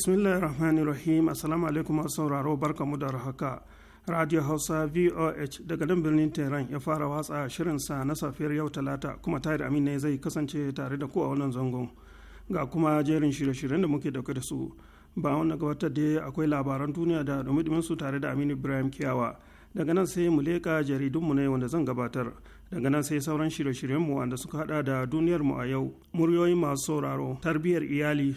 Bismillahi rahmanir rahim assalamu alaikum masu sauraro mu da haka radio hausa voh daga nan birnin tehran ya fara watsa shirin sa na safiyar yau talata kuma tare amin ne zai kasance tare da ku a wannan zangon ga kuma jerin shirye-shiryen da muke dauke da su ba wannan gabatar da akwai labaran duniya da dumi su tare da aminu ibrahim kiyawa daga nan sai mu leƙa mu ne wanda zan gabatar daga nan sai sauran shirye-shiryenmu wanda suka hada da duniyarmu a yau muryoyin masu sauraro tarbiyyar iyali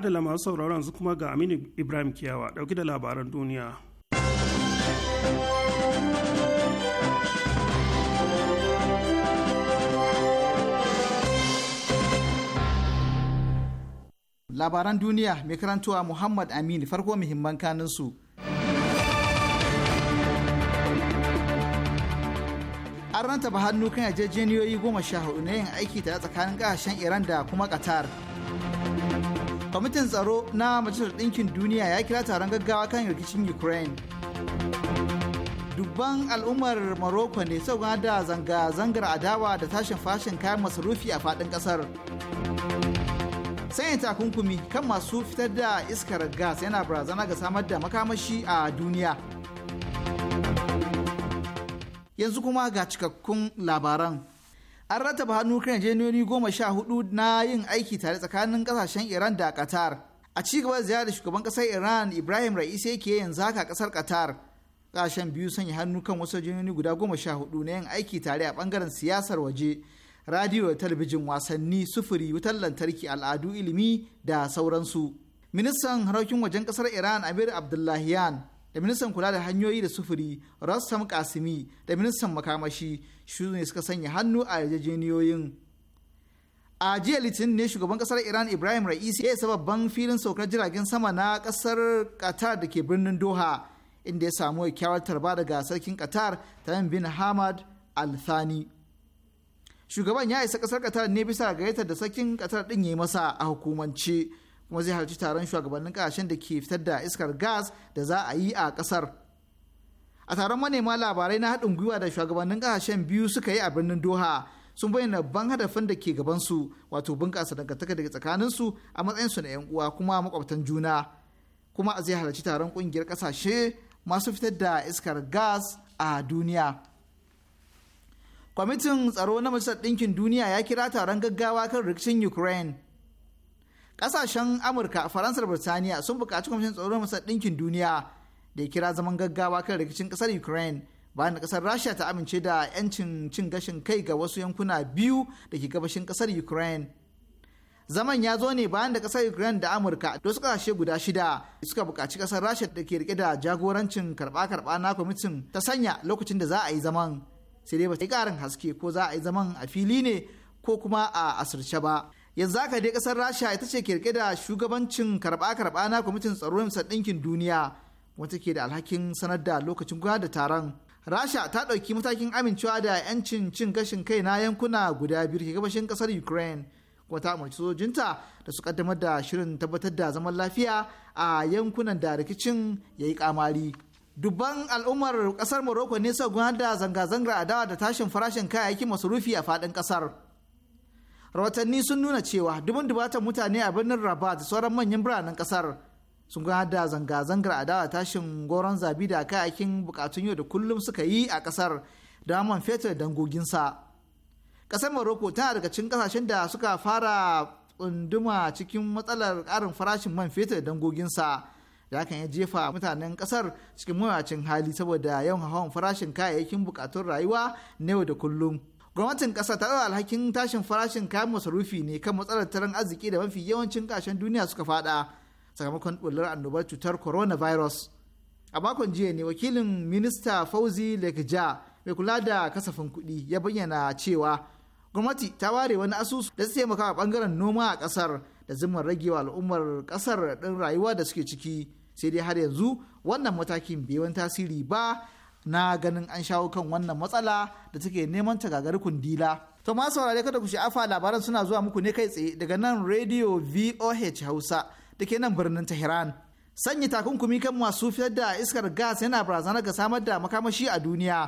da masu sauraron su kuma ga aminu ibrahim kiyawa dauki da labaran duniya labaran duniya mai karantowa muhammad Aminu farko muhimman kanin su an ranta ba hannu kan yarjejeniyoyi goma sha hudu na yin aiki tare tsakanin kasashen iran da kuma qatar kwamitin tsaro na majalisar ɗinkin duniya ya kira taron gaggawa kan rikicin ukraine dubban al'ummar morocco ne sau da zanga-zangar adawa da tashin fashin kayan masarufi a faɗin ƙasar sanya takunkumi kan masu fitar da iskar gas yana barazana ga samar da makamashi a duniya yanzu kuma ga cikakkun labaran an rataba hannu kan goma sha hudu na yin aiki tare tsakanin kasashen iran da qatar a ci gaba da ziyarar shugaban kasar iran ibrahim raisi yake yanzu haka kasar qatar kasashen biyu sanya hannu kan wasu yarjejeniyoyi guda goma sha hudu na yin aiki tare a bangaren siyasar waje radiyo da talabijin wasanni sufuri wutar lantarki al'adu ilimi da sauransu ministan harkokin wajen kasar iran amir abdullahiyan da ministan kula da hanyoyi da sufuri rassam kasimi da ministan makamashi shi ne suka sanya hannu a yarjejeniyoyin a jiya litinin ne shugaban kasar iran ibrahim ra'isi ya isa babban filin saukar jiragen sama na kasar qatar da ke birnin doha inda ya samu kyakkyawar tarba daga sarkin qatar tamim bin hamad al shugaban ya isa kasar qatar ne bisa gayyatar da sarkin qatar din ya yi masa a hukumance kuma zai halarci taron shugabannin kasashen da ke fitar da iskar gas da za a yi a kasar a taron manema labarai na haɗin gwiwa da shugabannin kasashen biyu suka yi a birnin doha sun bayyana ban hadafin da ke gabansu wato bunƙasa dangantaka daga tsakaninsu a matsayinsu na 'yan uwa kuma makwabtan juna kuma zai halarci taron ƙungiyar ƙasashe masu fitar da iskar gas a duniya kwamitin tsaro na majalisar ɗinkin duniya ya kira taron gaggawa kan rikicin ukraine kasashen Amurka, Faransa da Birtaniya sun bukaci kwamishin tsaron Masar Ɗinkin Duniya da ya kira zaman gaggawa kan rikicin kasar Ukraine bayan da ƙasar Rasha ta amince da 'yancin cin gashin kai ga wasu yankuna biyu da ke gabashin kasar Ukraine. Zaman ya zo ne bayan da kasar Ukraine da Amurka da wasu ƙasashe guda shida suka bukaci kasar Rasha da ke rike da jagorancin karba karba na kwamitin ta sanya lokacin da za a yi zaman. Sai dai ba ta yi ƙarin haske ko za a yi zaman a fili ne ko kuma a asirce ba. yanzu aka dai kasar rasha ita ce kirke da shugabancin karba-karba na kwamitin tsaro na ɗinkin duniya wata ke da alhakin sanar da lokacin gudanar da taron rasha ta ɗauki matakin amincewa da 'yancin cin gashin kai na yankuna guda biyu ke gabashin kasar ukraine kuma ta umarci sojojinta da su kaddamar da shirin tabbatar da zaman lafiya a yankunan da rikicin ya yi kamari dubban al'ummar kasar morocco ne sau gudanar da zanga zanga a adawa da tashin farashin kayayyakin masarufi a faɗin kasar rahotanni sun nuna cewa dubun dubatan mutane a birnin rabat da sauran manyan biranen kasar sun gudanar da zanga-zangar adawa tashin goron zabi da kayakin bukatun yau da kullum suka yi a kasar da man fetur dangoginsa kasar maroko tana daga cikin kasashen da suka fara tsunduma cikin matsalar karin farashin man fetur dangoginsa da hakan ya jefa mutanen kasar cikin mawacin hali saboda yawan hawan farashin kayayyakin bukatun rayuwa na yau da kullum gwamnatin ƙasa ta ɗaura alhakin tashin farashin kayan masarufi ne kan matsalar tattalin arziki da mafi yawancin ƙasashen duniya suka faɗa sakamakon ɓullar annobar cutar coronavirus a makon jiya ne wakilin minista fauzi lekja mai kula da kasafin kuɗi ya bayyana cewa gwamnati ta ware wani asusu da su taimaka a ɓangaren noma a ƙasar da zimmar ragewa al'ummar ƙasar ɗin rayuwa da suke ciki sai dai har yanzu wannan matakin bai wani tasiri ba na ganin an shawo kan wannan matsala da take neman ta gagari kundila. To ma saurare kada ku sha'afa labaran suna zuwa muku ne kai tsaye daga nan Radio VOH Hausa da ke nan birnin Tehran. Sanyi takunkumi kan masu fitar da iskar gas yana barazana ga samar da makamashi a duniya.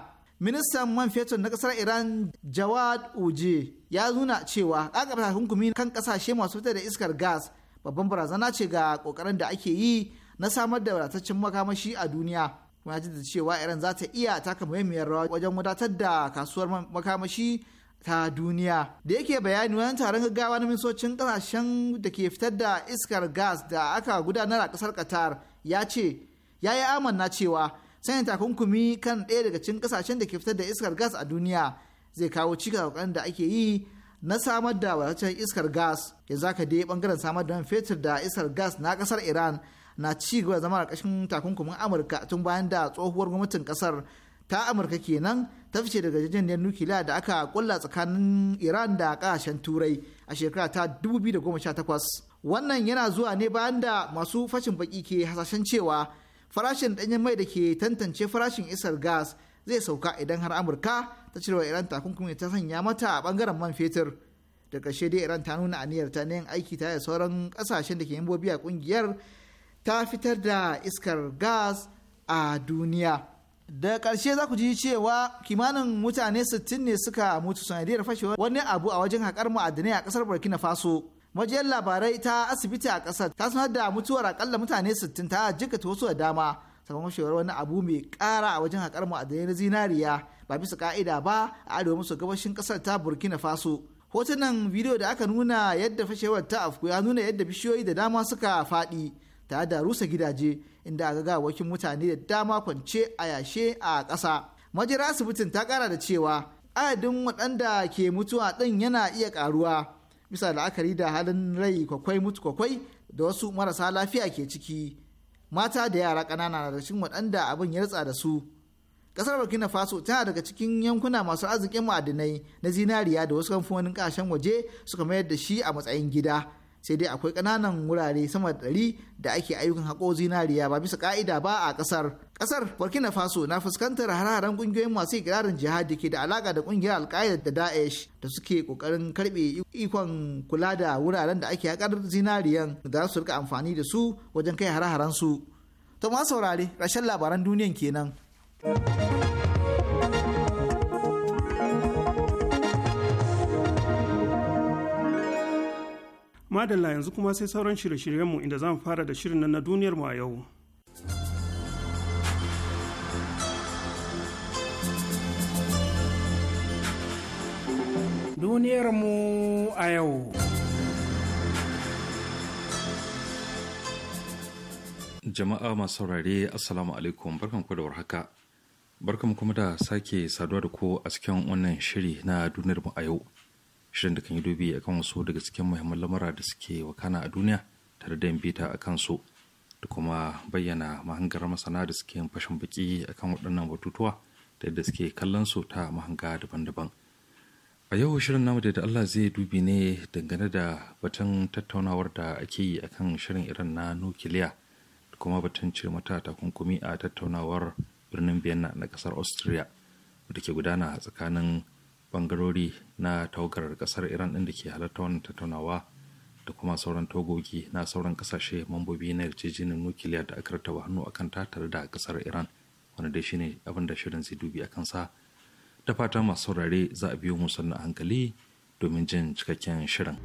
ministan man fetur na kasar iran jawad uje ya nuna cewa kakar takunkumi kan kasashe masu fitar da iskar gas babban barazana ce ga kokarin da ake yi na samar da wadataccen makamashi a duniya muna da cewa iran za ta iya taka muhimmiyar rawa wajen wadatar da kasuwar makamashi ta duniya da yake bayani wani taron gaggawa na minsocin kasashen da ke fitar da iskar gas da aka gudanar a kasar qatar ya ce ya yi amanna cewa sanya takunkumi kan ɗaya daga cikin kasashen da ke fitar da iskar gas a duniya zai kawo cika cikas da ake yi na samar da wadataccen iskar gas yanzu haka dai bangaren samar da man fetur da iskar gas na kasar iran na ci gaba zama a ƙashin takunkumin amurka tun bayan da tsohuwar gwamnatin ƙasar ta amurka kenan ta fice daga jajjeniyar nukiliya da aka kulla tsakanin iran da kasashen turai a shekara ta 2018 wannan yana zuwa ne bayan da masu fashin baki ke hasashen cewa farashin ɗanyen mai da ke tantance farashin isar gas zai sauka idan har amurka ta cirewa iran takunkumi ta sanya mata a bangaren man fetur da ƙarshe dai iran ta nuna aniyar ta yin aiki tare da sauran kasashen da ke bobi a ƙungiyar. ta fitar da iskar gas a duniya da ƙarshe za ku ji cewa kimanin mutane 60 ne suka mutu sanadiyar fashewar wani abu a wajen haƙar ma'adanai a ƙasar burkina faso majiyar labarai ta asibiti a ƙasar ta sanar da mutuwar akalla mutane 60 ta jikata wasu da dama sakamakon fashewar wani abu mai ƙara a wajen haƙar ma'adanai na zinariya ba bisa ka'ida ba a arewa maso gabashin ƙasar ta burkina faso hotunan bidiyo da aka nuna yadda fashewar ta afku ya nuna yadda bishiyoyi da dama suka faɗi tare da rusa gidaje inda aka ga wakin mutane da dama kwance a yashe a ƙasa. Majira asibitin ta ƙara da cewa adadin waɗanda ke mutuwa ɗin yana iya ƙaruwa bisa la'akari da halin rai kwakwai mutu kwakwai da wasu marasa lafiya ke ciki mata da yara ƙanana na cikin waɗanda abin ya ritsa da su ƙasar burkina faso tana daga cikin yankuna masu arzikin ma'adinai na zinariya da wasu kamfanonin ƙasashen waje suka mayar da shi a matsayin gida sai dai akwai ƙananan wurare sama da ɗari da ake ayyukan haƙo zinariya ba bisa ƙa'ida ba a ƙasar. Ƙasar Burkina Faso na fuskantar hare-haren ƙungiyoyin masu ikirarin da ke da alaƙa da ƙungiyar alƙa'ida da Daesh da suke ƙoƙarin karɓe ikon kula da wuraren da ake haƙar zinariyan da su rika amfani da su wajen kai hare-haren su. To ma saurare, rashin labaran duniyan kenan. madalla yanzu kuma sai sauran shirye-shiryenmu inda za mu fara da shirin nan na duniyar mu a yau duniyar mu a yau jama'a masu saurare assalamu alaikum barkanku da warhaka barkanku kuma da sake saduwa da ku a cikin wannan shiri na duniyar mu a yau shirin da kan yi dubi akan wasu daga cikin muhimman lamura da suke wakana a duniya tare da bita a kansu da kuma bayyana mahangar masana da suke fashin baki akan waɗannan batutuwa da yadda suke kallon su ta mahanga daban-daban a yau shirin namu da Allah zai dubi ne dangane da batun tattaunawar da ake yi akan shirin iran na nukiliya da kuma batun cire mata takunkumi a tattaunawar birnin vienna na kasar austria da ke gudana tsakanin bangarori na tawagar kasar iran inda da ke halarta wannan tattaunawa da kuma sauran togogi na sauran kasashe mambobi na yarjejeniyar nukiliya da aka rataba hannu akan ta tare da kasar iran wanda dai shine abin da shirin zai dubi akan sa da fatan masu saurare za a biyo musu sannan hankali domin jin cikakken shirin.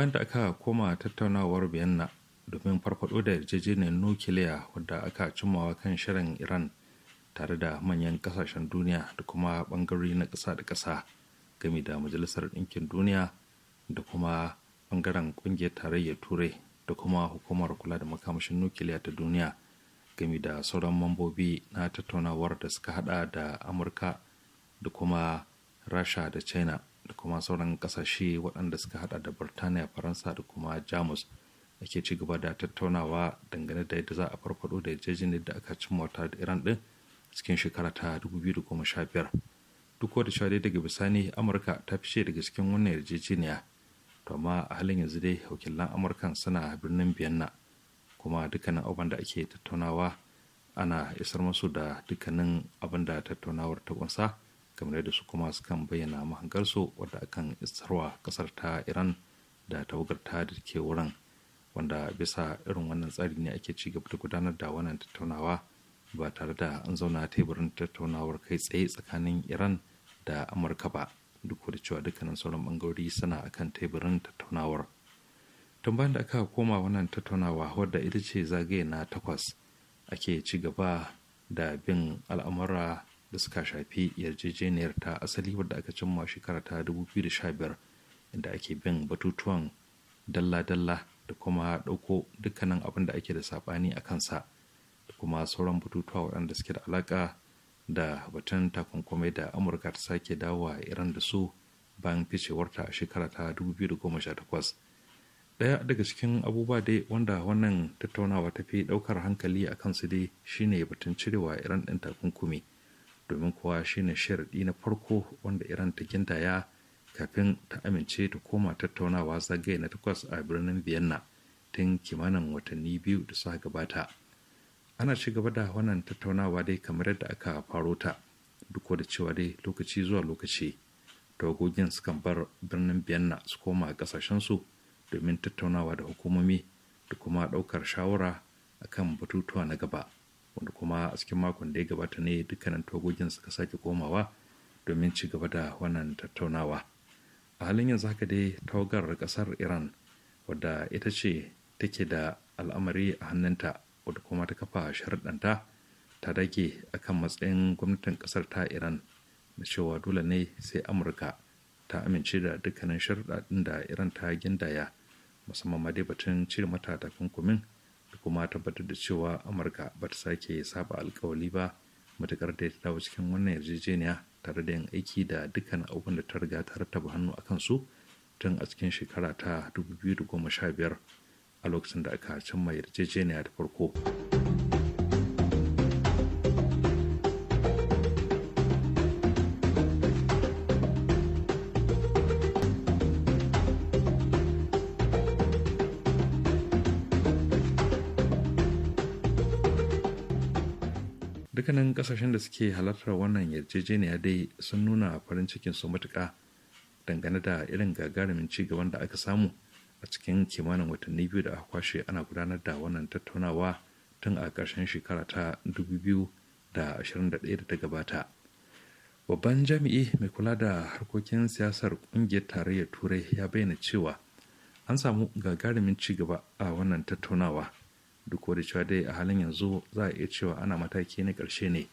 bayan da aka koma tattaunawar vienna domin farfado da yarjejeniyar nukiliya wadda aka cimmawa kan shirin iran tare da manyan kasashen duniya da kuma bangarori na kasa da ƙasa game da majalisar ɗinkin duniya da kuma bangaren ƙungiyar tarayyar turai da kuma hukumar kula da makamashin nukiliya ta duniya game da sauran mambobi na tattaunawar da suka hada da amurka da kuma rasha da china da kuma sauran kasashe waɗanda suka hada da birtaniya faransa da kuma jamus ake ci gaba da tattaunawa dangane da yadda za a farfado da yarjejeniyar da aka cimma wata da iran din cikin shekara ta 2015 duk wata shaidai daga bisani amurka ta fice daga cikin wannan yarjejeniya to amma a halin yanzu dai wakilan amurkan suna birnin biyanna kuma dukkanin abin da ake tattaunawa ana isar masu da dukkanin abin da tattaunawar ta kunsa kamar yadda su kuma kan bayyana mahangarsu wadda akan isarwa kasar ta iran da tawagarta da ke wurin wanda bisa irin wannan tsari ne ake ci gaba da gudanar da wannan tattaunawa ba tare da an zauna teburin tattaunawar kai tsaye tsakanin iran da amurka ba duk da cewa dukkanin sauran bangarori suna akan teburin tattaunawar tun bayan da aka koma wannan tattaunawa wadda ita ce zagaye na takwas ake ci gaba da bin al'amura da suka shafi yarjejeniyar ta asali wadda aka cimma shekara ta 2015 inda ake bin batutuwan dalla-dalla da kuma ɗauko dukkanin abin da ake da saɓani a kansa da kuma sauran batutuwa waɗanda suke da alaƙa da batun takunkume da amurka ta sake dawowa iran da su bayan ficewarta a shekara ta 2018 ɗaya daga cikin abubuwa dai wanda wannan tattaunawa ta fi ɗaukar hankali a kansu dai shine batun cirewa iran ɗin takunkumi domin kuwa shine sharaɗi na farko wanda iran ta gindaya kafin ta amince ta koma tattaunawa zagaye na takwas a birnin vienna tun kimanin watanni biyu da suka gabata ana ci gaba da wannan tattaunawa dai kamar yadda aka faro ta duk da cewa dai lokaci zuwa lokaci dogogin sukan bar birnin vienna su koma kasashensu domin tattaunawa da hukumomi da kuma ɗaukar shawara akan batutuwa na gaba wanda kuma a cikin makon da ya gabata ne dukkanin togogin suka sake komawa domin ci gaba da wannan tattaunawa a halin yanzu haka dai tawagar kasar iran wadda ita ce take da al'amari a hannunta wadda kuma ta kafa sharaɗanta ta dage a kan matsayin gwamnatin kasar ta iran da cewa dole ne sai amurka ta amince da dukkanin sharaɗaɗin da iran ta gindaya musamman ma dai batun cire mata takunkumin kuma tabbatar da cewa amurka ba ta sake saba alkawali ba matukar da ta dawo cikin wannan yarjejeniya tare da yin aiki da dukkan abubuwan da ta riga ta rattaba hannu a kansu tun a cikin shekara ta 2015 a lokacin da aka cimma yarjejeniya da farko. dukkanin kasashen da suke halartar wannan yarjejeniya dai sun nuna farin cikin su matuƙa dangane da irin gagarumin ci gaban da aka samu a cikin kimanin watanni biyu da aka kwashe ana gudanar da wannan tattaunawa tun a ƙarshen shekara ta 2021 da ta gabata babban jami'i mai kula da harkokin siyasar ƙungiyar tarayyar turai ya bayyana cewa an samu gagarumin ci gaba a wannan tattaunawa duk da cewa dai a halin yanzu za a iya cewa ana mataki na karshe ne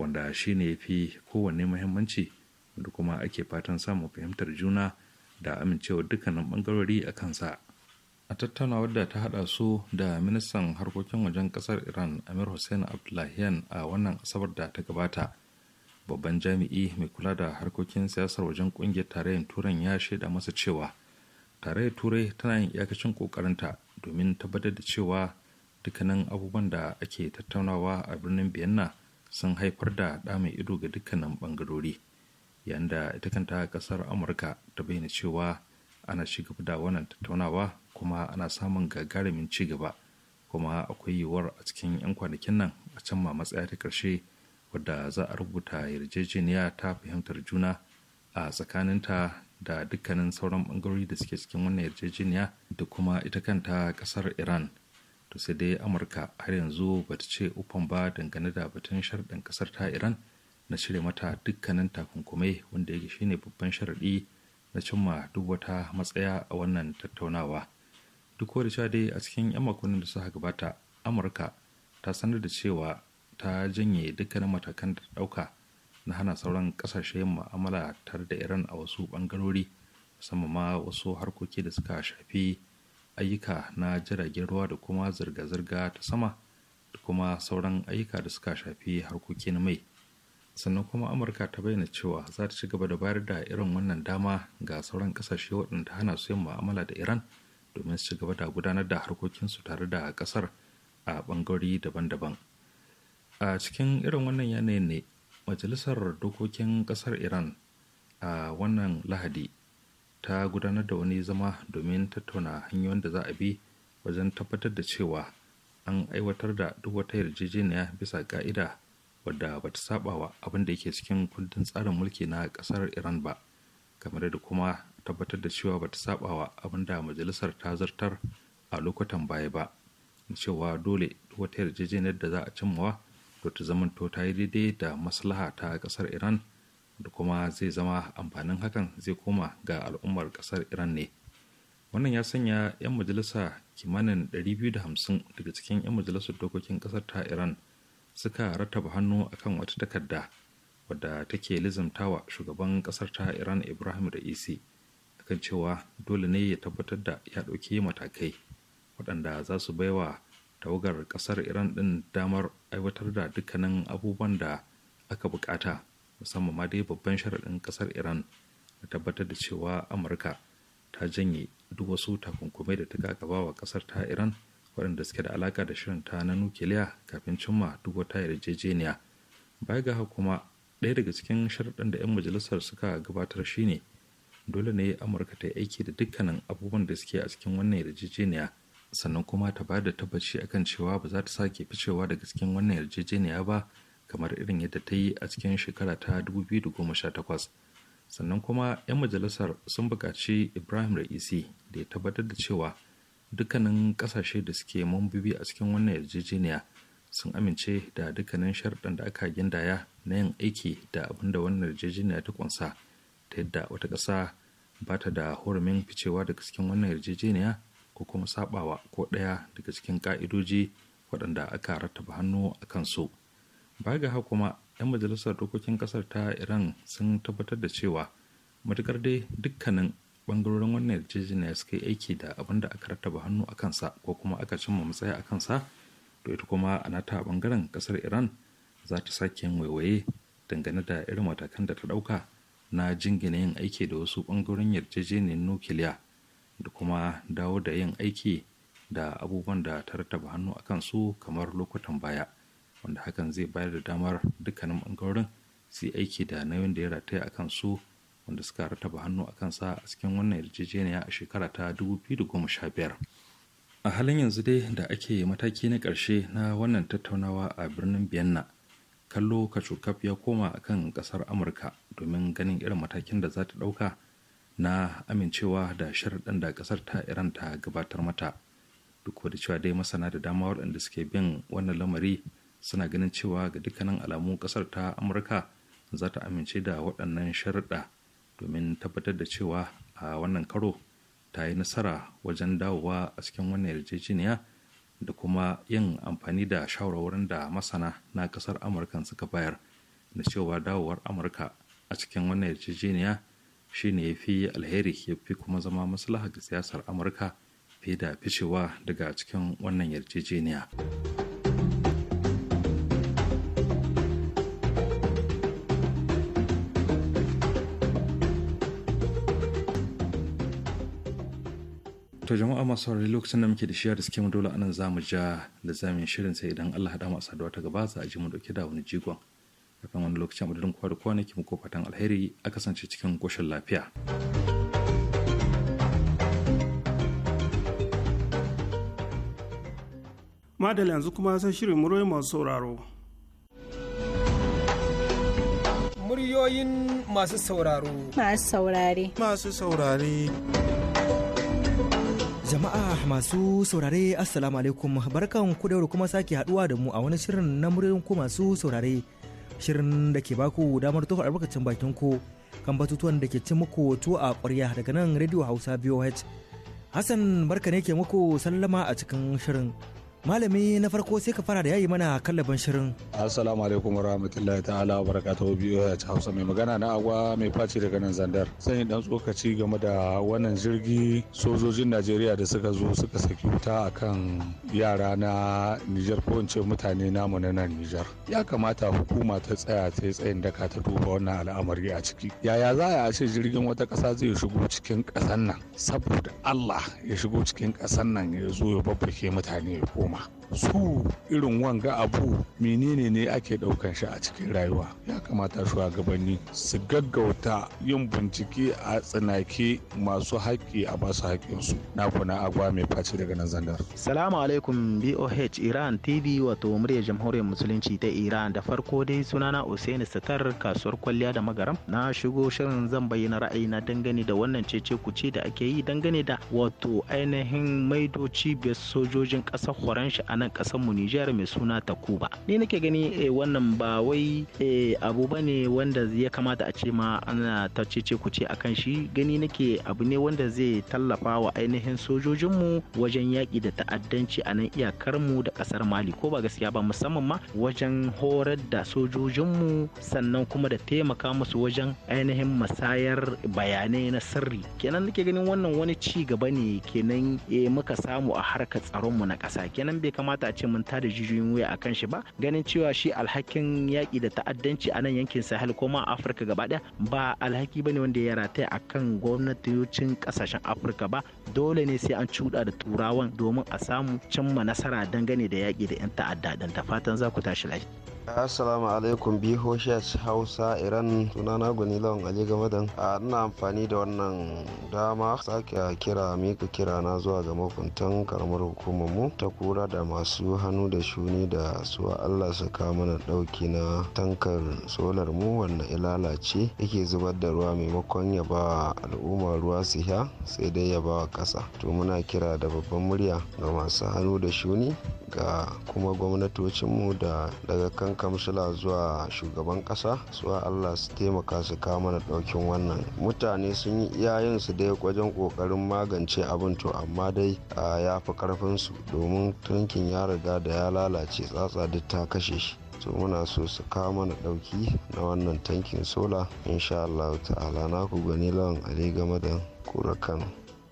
wanda shi ne fi kowanne muhimmanci da kuma ake fatan samun fahimtar juna da amincewa dukkanin bangarori a kansa a tattaunawar da ta hada su da ministan harkokin wajen kasar iran amir hussein abdullahian a wannan asabar da ta gabata babban jami'i mai kula da harkokin siyasar wajen kungiyar tarayyar turan ya shaida masa cewa tarayyar turai tana yin iyakacin kokarinta domin tabbatar da cewa dukkanin abubuwan da ake tattaunawa a birnin vienna sun haifar da ɗa mai ido ga dukkanin bangarori yayin da ita kanta kasar amurka ta bayyana cewa ana shiga da wannan tattaunawa kuma ana samun gagarumin ci gaba kuma akwai yiwuwar a cikin 'yan kwanakin nan a can ma matsaya ta karshe wadda za a rubuta yarjejeniya ta fahimtar juna a tsakaninta da dukkanin sauran bangarori da suke cikin wannan yarjejeniya da kuma ita kanta kasar iran to sai dai amurka har yanzu ba ta ce ufan ba dangane da batun sharɗin ƙasar ta iran na cire mata dukkanin takunkumai wanda yake shine babban sharaɗi na cimma duk wata matsaya a wannan tattaunawa duk da cewa dai a cikin 'yan makonnin da suka gabata amurka ta sanar da cewa ta janye dukkanin matakan da ɗauka na hana sauran ƙasashe mu'amala tare da iran a wasu ɓangarori musamman ma wasu harkoki da suka shafi ayyuka na jiragen ruwa da kuma zirga-zirga ta sama da kuma sauran ayyuka da suka shafi harkoki mai sannan kuma amurka ta bayyana cewa za ta ci gaba da bayar da irin wannan dama ga sauran kasashe waɗanda hana su yin mu'amala da iran domin su ci gaba da gudanar da harkokinsu tare da ƙasar a ɓangarori daban-daban a cikin irin wannan yanayin ne majalisar dokokin ƙasar iran a wannan lahadi ta gudanar da wani zama domin tattauna hanyoyin da za a bi wajen tabbatar da cewa an aiwatar da duk wata yarjejeniya bisa ka'ida wadda ba ta saba wa abin da yake cikin kundin tsarin mulki na kasar iran ba kamar da kuma tabbatar da cewa ba ta saba wa abin da majalisar ta zartar a lokutan baya ba cewa dole duk wata yarjejeniyar da za a cimmawa to ta zamanto ta yi daidai da maslaha ta kasar iran da kuma zai zama amfanin hakan zai koma ga al'ummar kasar iran ne wannan ya sanya 'yan majalisa kimanin 250 daga cikin 'yan majalisar dokokin kasar ta iran suka rataba hannu a kan wata takarda wadda take lizamtawa shugaban kasar ta iran ibrahim da isi akan cewa dole ne ya tabbatar da ya ɗauki matakai waɗanda za su baiwa tawagar ƙasar iran ɗin damar aiwatar da dukkanin abubuwan da aka buƙata. musamman ma dai babban sharaɗin ƙasar iran da tabbatar da cewa amurka ta janye duk wasu takunkumai da ta gaba wa ƙasar ta iran waɗanda suke da alaƙa da shirin ta na nukiliya kafin cimma duk wata yarjejeniya baya ga kuma ɗaya daga cikin sharaɗin da 'yan majalisar suka gabatar shine dole ne amurka ta yi aiki da dukkanin abubuwan da suke a cikin wannan yarjejeniya sannan kuma ta ba da tabbaci akan cewa ba za ta sake ficewa daga cikin wannan yarjejeniya ba kamar irin yadda ta yi a cikin shekara ta 2018 sannan kuma 'yan majalisar sun buƙaci ibrahim ra'isi da ya tabbatar da cewa dukkanin ƙasashe da suke mambobi a cikin wannan yarjejeniya sun amince da dukkanin sharɗan da aka gindaya na yin aiki da abin da wannan yarjejeniya ta ƙunsa ta yadda wata ƙasa ba ta da hurumin ficewa daga cikin wannan yarjejeniya ko kuma sabawa ko ɗaya daga cikin ka'idoji waɗanda aka rattaba hannu a kansu. su baya ga kuma 'yan majalisar dokokin kasar ta iran sun tabbatar da cewa matukar dai dukkanin bangarorin wannan yarjejeniya suka yi aiki da abin da aka rattaba hannu a kansa ko kuma aka cimma matsaya a kansa to ita kuma a nata bangaren kasar iran za ta sake yin waiwaye dangane da irin matakan da ta dauka na jingina yin aiki da wasu bangarorin yarjejeniyar nukiliya da kuma dawo da yin aiki da abubuwan da ta rattaba hannu a kansu kamar lokutan baya. wanda hakan zai bayar da damar dukkanin bangarorin su aiki da nauyin da ya rataya a kan su wanda suka rataba hannu a kansa a cikin wannan yarjejeniya a shekara ta 2015 a halin yanzu dai da ake mataki na karshe na wannan tattaunawa a birnin vienna kallo kacukaf ya koma a kan ƙasar amurka domin ganin irin matakin da za ta ɗauka na amincewa da sharaɗin da kasar ta iran ta gabatar mata duk da cewa dai masana da dama waɗanda suke bin wannan lamari suna ganin cewa ga dukkanin alamu kasar ta amurka za ta amince da waɗannan sharuɗa domin tabbatar da cewa a wannan karo ta yi nasara wajen dawowa a cikin wannan yarjejeniya da kuma yin amfani da shawarwarin da masana na kasar amurka suka bayar na cewa dawowar amurka a cikin wannan yarjejeniya shine ya fi alheri ya fi kuma zama maslaha ga siyasar amurka fiye da ficewa daga cikin wannan yarjejeniya. to jama'a masu saurari lokacin da muke da shi da suke mu dole anan zamu ja da zamin shirin sai idan Allah hada masu saduwa ta gaba za a ji mu dauke da wani jigon akan wani lokacin da kowa da kowa ke muku fatan alheri a kasance cikin koshin lafiya. Madal yanzu kuma sai shirin roye masu sauraro. Muryoyin masu sauraro. Masu saurare. Masu saurare. Jama'a masu saurare Assalamu alaikum barkan ku da kuma sake haduwa da mu a wani shirin na muryoyin ku masu saurare shirin da ke baku damar tofa albarkacin bakin ku kan batutuwan da ke cin muku tuwo a ƙwarya daga nan Radio Hausa BOH. Hassan barka ne ke muku sallama a cikin shirin. malami na farko sai ka fara da yayi mana kallaban shirin assalamu alaikum warahmatullahi ta'ala barakatuhu biyu ya ci hausa mai magana na agwa mai faci daga nan zandar sai dan tsokaci game da wannan jirgi sojojin najeriya da suka zo suka saki wuta akan yara na nijar ko ce mutane namu na nan nijar ya kamata hukuma ta tsaya ta tsayin daka ta duba wannan al'amari a ciki yaya za a ce jirgin wata ƙasa zai shigo cikin ƙasan nan saboda allah ya shigo cikin ƙasan nan ya zo ya babbake mutane ya koma дома. su irin wanga abu menene ne ake daukan shi a cikin rayuwa ya kamata shugabanni su gaggauta yin bincike a tsinake masu haƙƙi a basu haƙƙinsu na kuna agwa mai face daga nan zandar salamu alaikum boh iran tv wato muryar jamhuriyar musulunci ta iran da farko dai sunana usaini satar kasuwar kwalliya da magaram na shigo shirin zan bayyana ra'ayina dangane da wannan cece kuce da ake yi dangane da wato ainihin maido cibiyar sojojin ƙasar horon shi a nan ƙasar mu Nijar mai suna Takuba ni nake gani eh, wannan ba wai eh, abu bane wanda ya kamata a ce ma ana ta cece ku ce kan shi gani nake abu ne wanda zai tallafa wa ainihin sojojinmu wajen yaƙi da ta'addanci a nan iyakar mu da ƙasar Mali ko ba gaskiya ba musamman ma wajen horar da sojojinmu sannan kuma da taimaka musu wajen ainihin masayar bayanai na sirri kenan nake ganin wannan wani ci gaba ne kenan eh, muka samu a harkar tsaronmu na ƙasa kenan bai kamata a ce mun tada jijiyoyin wuya a kan shi ba ganin cewa shi alhakin yaƙi da ta'addanci a nan yankin sahel ko ma afirka gaba ɗaya ba alhaki bane wanda ya rataya akan gwamnatocin ƙasashen afirka ba dole ne sai an cuɗa da turawan domin a samu cimma nasara dangane da yaƙi da 'yan ta'adda da fatan za ku tashi lafiya. Assalamu alaikum BHS Hausa Iran sunana guni Lawan Ali Gamadan. A ah, ina amfani da wannan dama sake kira mika kira na zuwa ga makuntan karamar hukumar mu ta kura da masu hannu da shuni da su Allah su kama mana dauki na tankar solar mu wannan ilalace yake zubar da ruwa maimakon ya ba al'umma ruwa su sha sai dai ya ba wa kasa. To muna kira da babban murya ga masu hannu da shuni ga kuma gwamnatocinmu da daga kan kamsila zuwa shugaban kasa suwa allah su taimaka su kama mana daukin wannan mutane sun yi iyayen su dai wajen kokarin magance abin to amma dai ya fi karfin su domin tankin ya riga da ya lalace tsatsa duk ta kashe shi to muna so su kama mana dauki na wannan tankin sola insha allah ta'ala na ku gani lawan ali game da kura kano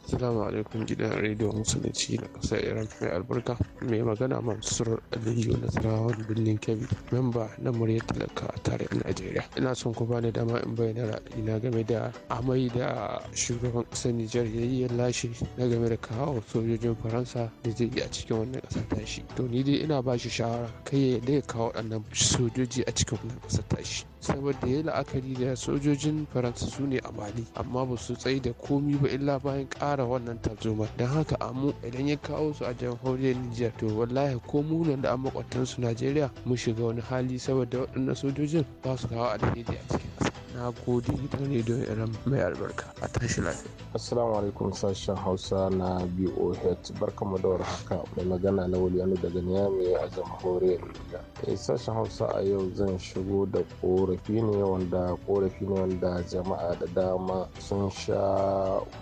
Assalamu alaikum gidan rediyon musulunci na ƙasar Iran mai albarka mai magana Mansur Aliyu na Sarawar birnin Kebbi memba na muryar talaka a tarihin Najeriya. Ina son ku bani dama in bayyana ra'ayina game da amai da shugaban ƙasar Nijar ya yi lashe na game da kawo sojojin Faransa da zai yi a cikin wannan ƙasar tashi. To ni dai ina ba shi shawara kai ya yarda ya kawo waɗannan sojoji a cikin wannan ƙasar tashi. saboda ya la'akari da sojojin faransa sune ne a mali amma ba su da komi ba illa bayan kara wannan tarzoma don haka amu idan ya kawo su a jamhuriyar nijar to wallahi ko nan da an su najeriya mu shiga wani hali saboda waɗannan sojojin ba su kawo a daidai a cikin na gode ita ne don irin mai albarka a tashi lafiya assalamu alaikum sashen hausa na boh barkamu da haka mai magana na wuliyanu daga niyami a jamhuriyar niger eh, sashen hausa a yau zan shigo da korafi ne wanda korafi ne wanda jama'a da dama sun sha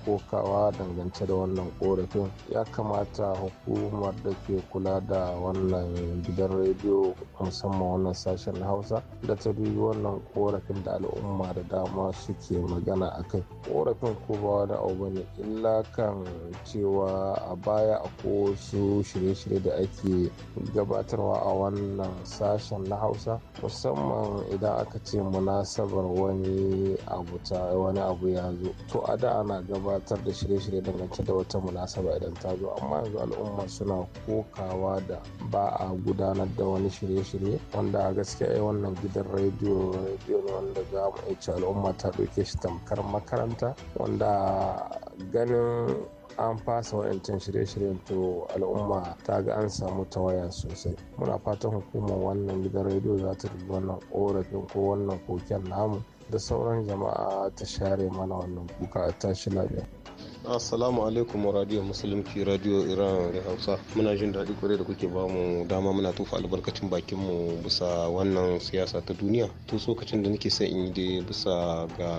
kokawa dangance da wannan korafin ya kamata hukumar da ke kula da wannan gidan rediyo musamman wannan sashen hausa da ta dubi wannan korafin da al'umma ma da dama suke magana a kai korafin ko ba wani abu ne illa kan cewa a baya akwai wasu shirye-shirye da ake gabatarwa a wannan sashen na hausa musamman idan aka ce munasabar wani abu ta wani abu ya zo to a da ana gabatar da shirye-shirye dangance da wata munasaba idan ta zo amma yanzu al'umma suna kokawa da ba a gudanar da wani shirye-shirye wanda a gaskiya eh, wannan gidan rediyo rediyo ne wanda za mu iya al'umma ta ɗauke shi tamkar makaranta wanda ganin an fasa wayancan shirye-shiryen to al'umma ta ga an samu tawaya sosai muna fatan hukumar wannan gidan rediyo za ta dubi wannan korafin ko wannan koken namu da sauran jama'a ta share mana wannan kuka a tashi lafiya assalamu alaikum radio musulunci radio iran da hausa muna jin daɗi kwarai da kuke ba mu dama muna tofa albarkacin bakin mu bisa wannan siyasa ta duniya to sokacin da nake sa in yi dai bisa ga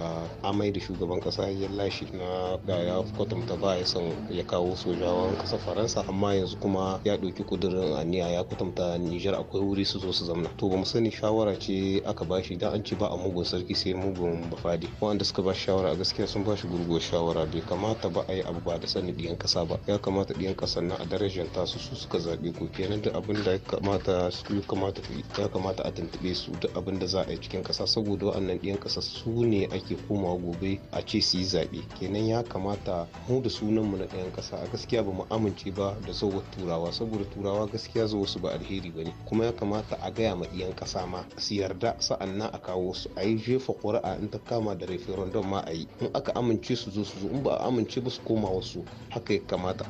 amai da shugaban kasa ya lashe na ga ya kwatanta ba ya san ya kawo sojawan kasa faransa amma yanzu kuma ya ɗauki kudurin aniya ya kwatanta nijar akwai wuri su zo su zamna to ba mu sani shawara ce aka bashi shi an ce ba a mugun sarki sai mugun bafadi wanda suka ba shawara a gaskiya sun ba shi gurguwar shawara bai kamata ba ba a yi abu ba da sani ɗiyan ƙasa ba ya kamata ɗiyan ƙasar nan a darajar tasu su suka zaɓe ku kenan duk abin da ya kamata su kamata a tuntuɓe su da abin da za a yi cikin kasa saboda waɗannan ɗiyan ƙasa su ne ake komawa gobe a ce su yi zaɓe kenan ya kamata mu da sunan mu na ɗiyan ƙasa a gaskiya ba mu amince ba da zauwar turawa saboda turawa gaskiya zuwa su ba alheri ba ne kuma ya kamata a gaya ma ɗiyan ƙasa ma su yarda sa'annan a kawo su a yi jefa ƙuri'a in ta kama da referendum ma a yi in aka amince su zo su zo in ba a amince wasu ba su koma wasu haka ya kamata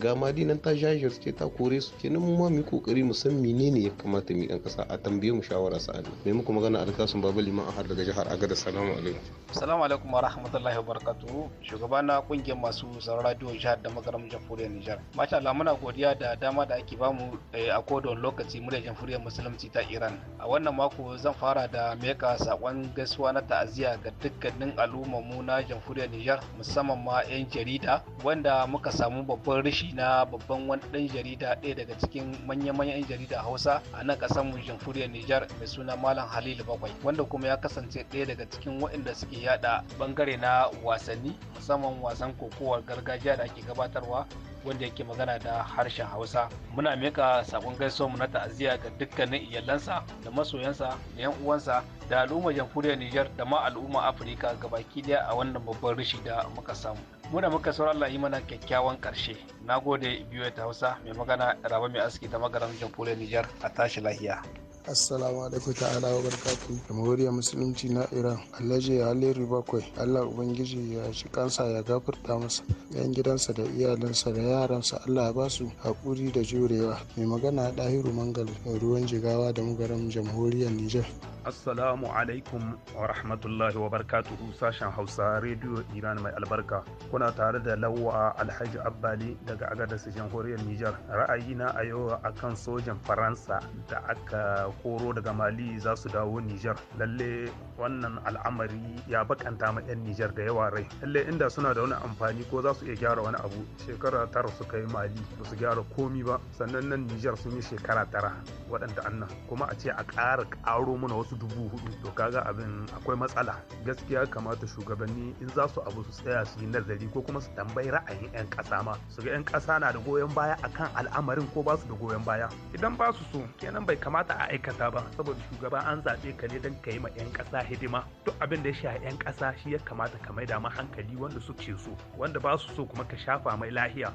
ga madi nan ta ce ta kore su kenan mu ma mu kokari mu san menene ya kamata mu dan kasa a tambaye mu shawara Allah mai muku magana alkasun baba liman ahad daga jihar agada salamu alaikum assalamu alaikum wa rahmatullahi wa shugaba na kungiyar masu tsaron radio jihar da magaram jamhuriyar nijar masha Allah muna godiya da dama da ake bamu eh, a kodon lokaci mu da jamhuriyar musulunci ta iran a wannan mako zan fara da meka sakon gaisuwa na ta'aziyya ga dukkanin al'umma mu na jamhuriyar nijar musamman ma 'yan jarida wanda muka samu babban rish. shi na babban wani ɗan jarida ɗaya daga cikin manya-manyan 'yan jarida Hausa a nan ƙasar mu jamhuriyar Nijar mai suna Malam Halilu Bakwai wanda kuma ya kasance ɗaya daga cikin waɗanda suke yada bangare na wasanni musamman wasan kokowar gargajiya da ake gabatarwa wanda yake magana da harshen hausa muna mika sakon gaisuwa mu na ta'aziyya ga dukkanin iyalansa da masoyansa da yan uwansa da al'umma jamhuriyar nijar da ma al'umma afirka gabaki daya a wannan babban rishi da muka samu muna muka sauran Allah yi mana kyakkyawan karshe na gode biyu ta hausa mai magana raba mai aski ta magaran jamhuriyar nijar a tashi lahiya assalamu alaikum ta'ala wa barkatu jamhuriyar musulunci na iran alhaji haliru bakwai allah ubangiji ya shi kansa ya gafarta masa yan gidansa da iyalinsa da yaransa allah ya basu haƙuri da jurewa mai magana ɗahiru mangal ruwan jigawa da mugaran jamhuriyar Nijar. assalamu alaikum wa rahmatullahi wa barkatu sashen hausa rediyo iran mai albarka kuna tare da lawa alhaji abbali daga agadas jamhuriyar Nijar? ra'ayina a yau akan sojan faransa da aka koro daga mali za su dawo nijar lalle wannan al'amari ya bakanta ma 'yan Nijar da yawa rai. Lalle inda suna da wani amfani ko za su iya gyara wani abu shekara tara su kai Mali ba su gyara komi ba sannan nan Nijar sun yi shekara tara waɗanda annan kuma a ce a ƙara ƙaro mana wasu dubu hudu to kaga abin akwai matsala gaskiya kamata shugabanni in za su abu su tsaya su yi nazari ko kuma su tambayi ra'ayin 'yan ƙasa ma su ga 'yan ƙasa na da goyon baya akan al'amarin ko ba su da goyon baya idan ba su so kenan bai kamata a aikata ba saboda shugaba an zaɓe ka ne don ka yi ma 'yan ƙasa hidima duk abin da ya sha 'yan ƙasa shi ya kamata ka maida ma hankali wanda suke so wanda ba su so kuma ka shafa mai lahiya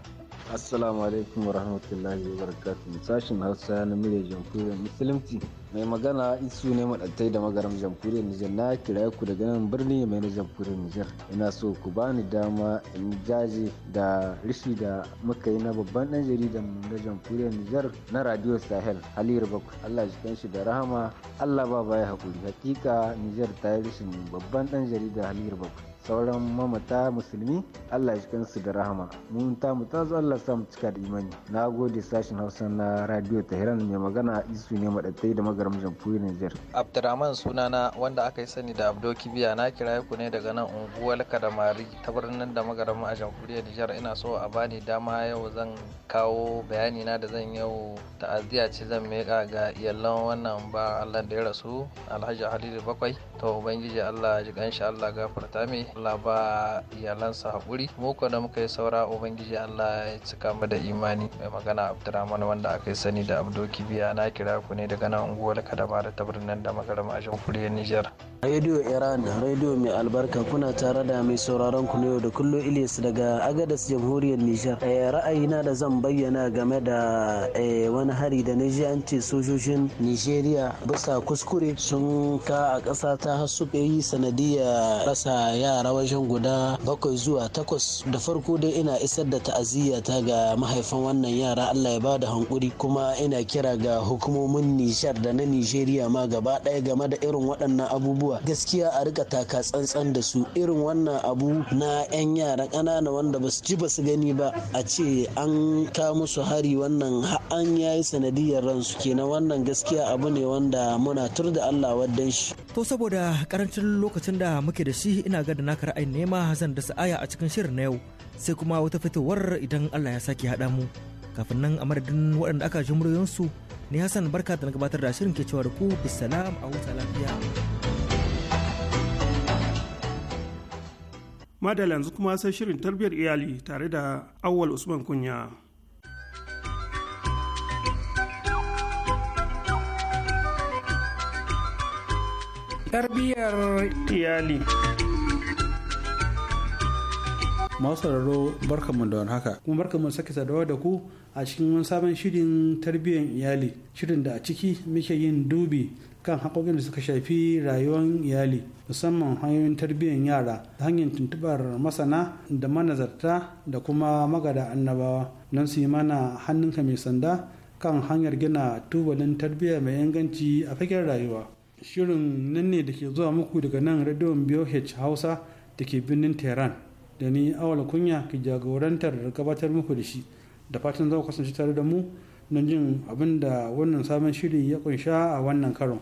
assalamu alaikum wa rahmatullahi wa barakatuh sashen hausa na murya jamhuriyar musulunci mai magana isu ne madattai da magaram jamhuriyar nijar na kira ku daga nan birni mai na jamhuriyar nijar ina so ku bani dama in jaje da rishi da muka yi na babban dan jaridan na jamhuriyar nijar na radio sahel haliyar bakwai allah ji shi da rahama allah ba ya hakuri hakika nijar ta yi rishin babban dan jarida halir bakwai sauran mamata musulmi Allah ya su da rahama mun ta mu zo Allah mu cika da imani na gode sashen Hausa na radio Tehran mai magana isu ne madattai da magaram jamhuriyar Niger Abdurrahman sunana wanda aka yi sani da Abdo Kibiya na kira ku ne daga nan unguwar Kadamari ta birnin da magaram a jamhuriyar Niger ina so a bani dama yau zan kawo bayani na da zan yau ta'aziyya ce zan meka ga iyalan wannan ba Allah da ya rasu Alhaji Halilu bakwai to ubangiji Allah ya ji Allah gafarta mai Allah ba iyalansa haƙuri mu ko da muka yi saura ubangiji Allah ya cika mu da imani mai magana Abdurrahman wanda aka yi sani da Abdo Kibiya na kira ku ne daga nan unguwar Kadama da birnin da magarama a jamhuriyar Nijar. Radio Iran radio mai albarka kuna tare da mai sauraron ku ne da kullu Ilyas daga Agadas jamhuriyar Nijar. Eh, ra'ayina da zan bayyana game da eh, wani hari da naji an ce sojojin Nijeriya bisa kuskure sun ka a ƙasa ta har suka yi sanadiyar rasa yara yara wajen guda bakwai zuwa takwas da farko dai ina isar da ta'aziyyata ga mahaifan wannan yara allah ya bada hankuri kuma ina kira ga hukumomin nishar da na nijeriya ma gaba ɗaya game da irin waɗannan abubuwa gaskiya a rika taka tsantsan da su irin wannan abu na 'yan yara ƙanana wanda ba su ji ba su gani ba a ce an ka musu hari wannan an ya yi sanadiyar ransu kenan wannan gaskiya abu ne wanda muna tur da allah waddan shi to saboda karancin lokacin da muke da shi ina ga naka ra'ayin nema zan da sa'aya a cikin shirin na yau sai kuma wata fitowar idan Allah ya sake haɗa mu kafin nan a madadin waɗanda aka ji muryoyinsu ni Hassan barka da na gabatar da shirin ke cewa da ku bisalam a huta lafiya. Madalla yanzu kuma sai shirin tarbiyyar iyali tare da Awwal Usman Kunya. tarbiyyar iyali. masu sauraro barkanmu da wani haka kuma barkanmu sake sadawa da ku a cikin wani sabon shirin tarbiyyar iyali shirin da a ciki muke yin dubi kan haƙoƙin da suka shafi rayuwar iyali musamman hanyoyin tarbiyyar yara ta hanyar tuntubar masana da manazarta da kuma magada annabawa don su yi mana hannunka mai sanda kan hanyar gina tubalin tarbiyya mai inganci a fagen rayuwa shirin nan ne da ke zuwa muku daga nan radiyon BOH Hausa da ke birnin Tehran da ni awala kunya ki jagorantar gabatar muku da shi da fatan za ku kasance tare da mu don jin abin da wannan sabon shiri ya kunsha a wannan karon.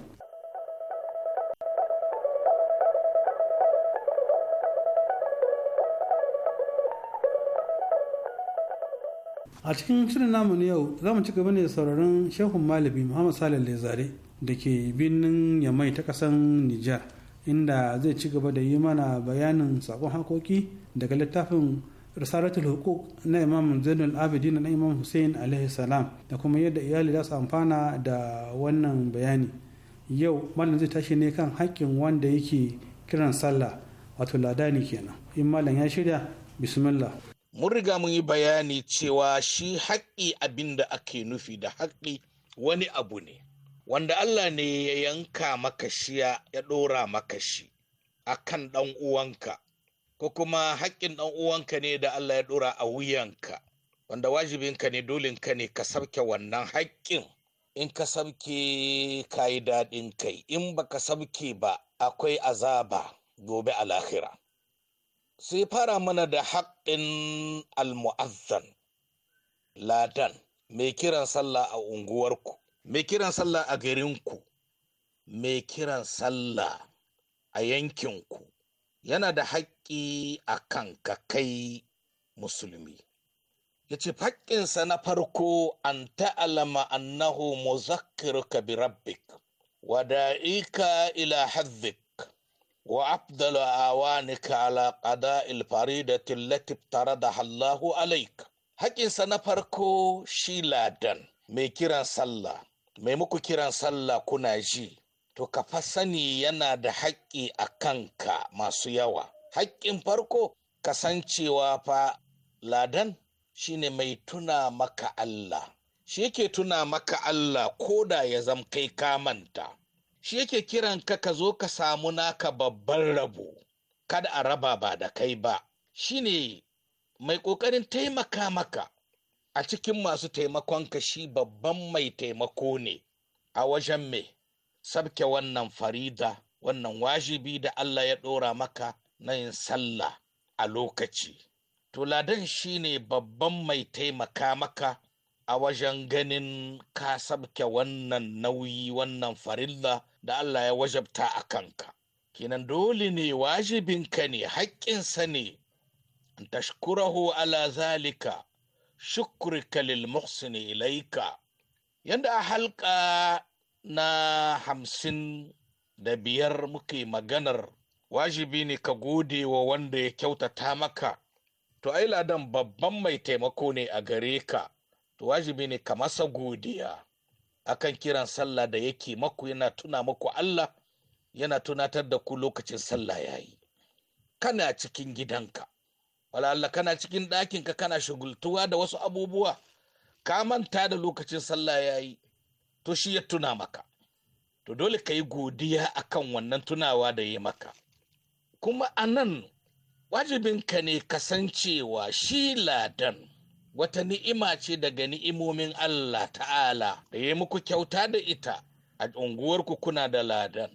a cikin shirin namu na yau za mu ci gaba ne sauraron shehun malami muhammad salih lezare da ke birnin yamai ta kasan nijar inda zai ci gaba da yi mana bayanin sakon hakoki daga littafin risalatul hukuk na imam zainul abidin na imam hussein alaihi salam da kuma yadda iyali za su amfana da wannan bayani yau malam zai tashi ne kan haƙƙin wanda yake kiran sallah wato ladani kenan in malam ya shirya bismillah mun riga mun yi bayani cewa shi haƙƙi abin da ake nufi da haƙƙi wani abu ne wanda Allah ne ya yanka maka shiya ya ɗora maka shi a kan ɗan uwanka ko kuma haƙƙin ɗan uwanka ne da Allah ya ɗora a wuyanka wanda wajibinka ne dolinka ne ka sabke wannan haƙƙin in ka sauke ka yi daɗin kai in ba ka sabke ba akwai azaba gobe a lahira sai fara mana da haƙƙin almu'azzan ladan mai kiran sallah a unguwarku mai kiran sallah a garinku mai kiran sallah a yankinku yana da haƙƙi a kan ka kai musulmi ya ce haƙƙinsa na farko an ta'alama annahu muzakkiruka Kabirabbik. rabbik wada'ika ila hadzik wa afdalu awanika ala da tilatif tare da Allahu alaik haƙƙinsa na farko shi ladan mai kiran sallah mai muku kiran sallah kuna ji to ka fa sani yana da haƙƙi a kanka masu yawa. Haƙƙin farko ka cewa fa ladan shine mai tuna maka Allah. Shi yake tuna maka Allah ko da ya zam kai kamanta. Shi yake kiran ka ka zo ka samu naka babban rabo, kada a raba ba da kai ba. Shi ne mai ƙoƙarin taimaka maka a cikin masu taimakonka shi babban mai taimako ne a wajen mai sabke wannan farida wannan wajibi da Allah ya ɗora maka na yin sallah a lokaci. To ladan shi ne babban mai taimaka maka a wajen ganin ka sabke wannan nauyi wannan farilla da Allah ya wajabta a kanka. Kinan dole ne wajibinka ne haƙƙinsa ne tashkurahu ala zalika shukrika lil muhsini ilaika. Yanda a halka na hamsin da biyar muke maganar wajibi ne ka gode wa wanda ya kyautata maka to ai ladan babban mai taimako ne a gare ka to wajibi ne ka masa godiya akan kiran sallah da yake maku yana tuna maku Allah yana tunatar da ku lokacin sallah yayi kana cikin gidanka wala Allah kana cikin ɗakinka kana shugultuwa da wasu abubuwa ka manta da lokacin sallah yayi to shi ya tuna maka to dole ka yi godiya akan wannan tunawa da ya maka kuma a nan wajibinka ne kasancewa shi ladan wata ni'ima ce daga ni'imomin Allah ta'ala da ya muku kyauta da ita a unguwarku kuna da ladan